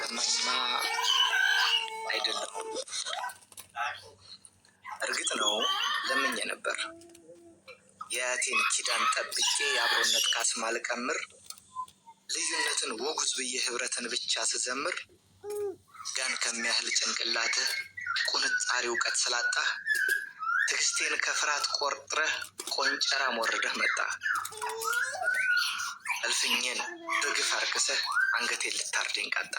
በማይሰማ አይደለም። እርግጥ ነው ለምኜ ነበር የእህቴን ኪዳን ጠብቄ የአብሮነት ካስማ ልቀምር ልዩነትን ወጉዝ ብዬ ህብረትን ብቻ ስዘምር ጋን ከሚያህል ጭንቅላትህ ቁንጣሪ እውቀት ስላጣህ ትዕግስቴን ከፍርሃት ቆርጥረህ ቆንጨራ ሞርደህ መጣ እልፍኝን በግፍ አርክሰህ አንገቴን ልታርደኝ ቀጣ።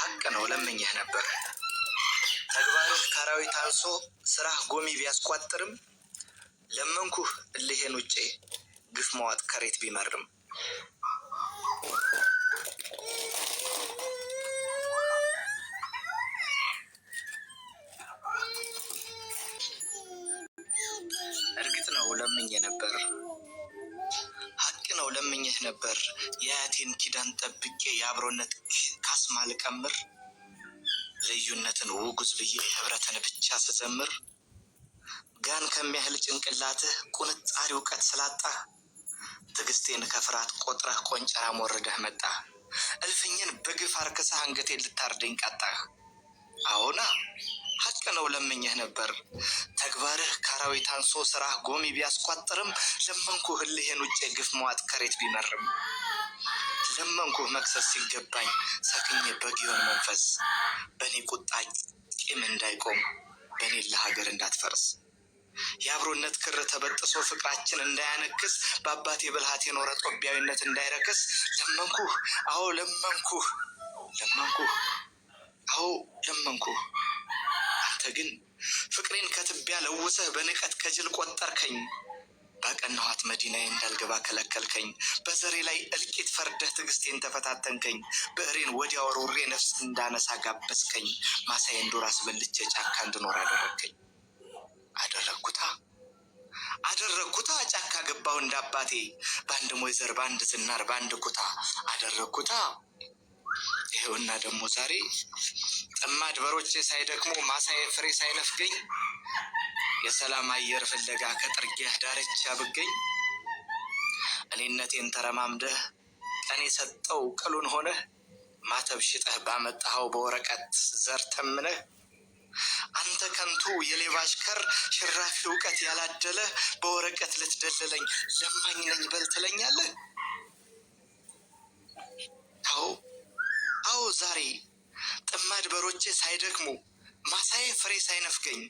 ሀቅ ነው ለምኝህ ነበር። ተግባርህ ካራዊት አንሶ ስራህ ጎሚ ቢያስቋጥርም ለመንኩህ እልሄን ውጬ ግፍ መዋጥ ከሬት ቢመርም ተመኘህ ነበር የአያቴን ኪዳን ጠብቄ የአብሮነት ካስማ ልቀምር ልዩነትን ውጉዝ ብዬ ህብረትን ብቻ ስዘምር ጋን ከሚያህል ጭንቅላትህ ቁንጣሪ እውቀት ስላጣ! ትዕግስቴን ከፍርሃት ቆጥረህ ቆንጨራ ሞርደህ መጣ! እልፍኝን በግፍ አርክሰህ አንገቴን ልታርደኝ ቀጣህ አሁና ሶስት ነው ለምኜህ ነበር። ተግባርህ ከአራዊት አንሶ ስራህ ጎሚ ቢያስቋጥርም ለመንኩህ እልህን ውጭ ግፍ መዋጥ ከሬት ቢመርም ለመንኩህ መክሰስ ሲገባኝ ሰክኜ በጊዮን መንፈስ በእኔ ቁጣ ቂም እንዳይቆም በእኔ ለሀገር እንዳትፈርስ የአብሮነት ክር ተበጥሶ ፍቅራችን እንዳያነክስ በአባቴ ብልሃት የኖረ ጦቢያዊነት እንዳይረክስ ለመንኩህ፣ አዎ ለመንኩህ፣ ለመንኩህ፣ አዎ ለመንኩህ። ግን ፍቅሬን ከትቢያ ለውሰህ በንቀት ከጅል ቆጠርከኝ። ባቀናኋት መዲናዬ እንዳልገባ ከለከልከኝ። በዘሬ ላይ እልቂት ፈርደህ ትዕግስቴን ተፈታተንከኝ። ብዕሬን ወዲያ ወርውሬ ነፍስ እንዳነሳ ጋበዝከኝ። ማሳዬን ዱር አስበልቼ ጫካ እንድኖር አደረግከኝ። አደረግኩታ አደረግኩታ ጫካ ገባሁ እንዳባቴ በአንድ ሞይዘር በአንድ ዝናር በአንድ ኩታ አደረግኩታ። ይኸውና ደግሞ ዛሬ ጥማድ በሮቼ ሳይደክሙ ማሳዬ ፍሬ ሳይነፍገኝ የሰላም አየር ፍለጋ ከጥርጊያ ዳርቻ ብገኝ እኔነቴን ተረማምደህ ቀን የሰጠው ቅሉን ሆነህ ማተብ ሽጠህ ባመጣኸው በወረቀት ዘር ተምነህ አንተ ከንቱ የሌባ አሽከር ሽራፊ እውቀት ያላደለ በወረቀት ልትደለለኝ ለማኝ ነኝ በል ትለኛለህ። አዎ አዎ ዛሬ ጥማድ በሮቼ ሳይደክሙ ማሳዬ ፍሬ ሳይነፍገኝ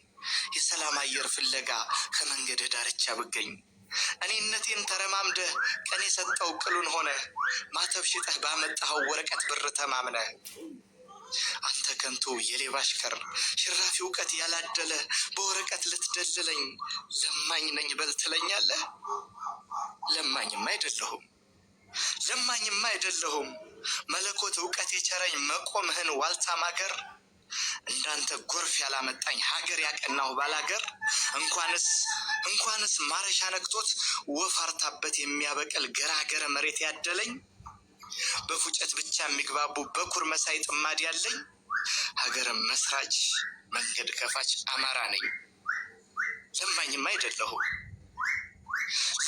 የሰላም አየር ፍለጋ ከመንገድ ዳርቻ ብገኝ እኔነቴን ተረማምደህ ቀን የሰጠው ቅሉን ሆነ ማተብ ሽጠህ ባመጣኸው ወረቀት ብር ተማምነ አንተ ከንቱ የሌባ አሽከር ሽራፊ እውቀት ያላደለ በወረቀት ልትደልለኝ ለማኝ ነኝ በልትለኛለህ። ለማኝም አይደለሁም። ለማኝም አይደለሁም። መለኮት እውቀት የቸረኝ መቆምህን ዋልታ ማገር እንዳንተ ጎርፍ ያላመጣኝ ሀገር ያቀናሁ ባላገር እንኳንስ እንኳንስ ማረሻ ነግቶት ወፋርታበት የሚያበቅል ገራገረ መሬት ያደለኝ በፉጨት ብቻ የሚግባቡ በኩር መሳይ ጥማድ ያለኝ ሀገር መስራች መንገድ ከፋች አማራ ነኝ። ለማኝም አይደለሁም።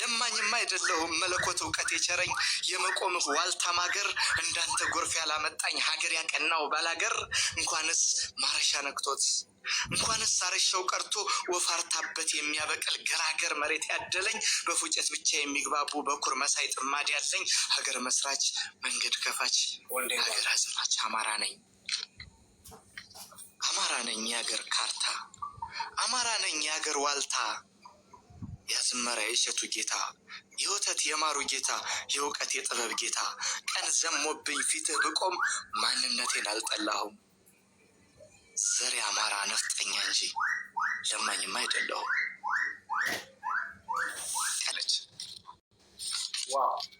ለማኝማ አይደለሁም መለኮት እውቀት የቸረኝ የመቆም ዋልታ ማገር እንዳንተ ጎርፍ ያላመጣኝ ሀገር ያቀናው ባላገር እንኳንስ ማረሻ ነክቶት እንኳንስ አረሻው ቀርቶ ወፋርታበት የሚያበቅል ገራገር መሬት ያደለኝ በፉጨት ብቻ የሚግባቡ በኩር መሳይ ጥማድ ያለኝ ሀገር መስራች መንገድ ከፋች ሀገር አጽናች አማራ ነኝ አማራ ነኝ የሀገር ካርታ አማራ ነኝ የሀገር ዋልታ ያዝመራ የእሸቱ ጌታ የወተት የማሩ ጌታ የእውቀት የጥበብ ጌታ ቀን ዘሞብኝ ፊትህ ብቆም ማንነቴን አልጠላሁም። ዘር አማራ ነፍጠኛ እንጂ ለማኝም አይደለሁም።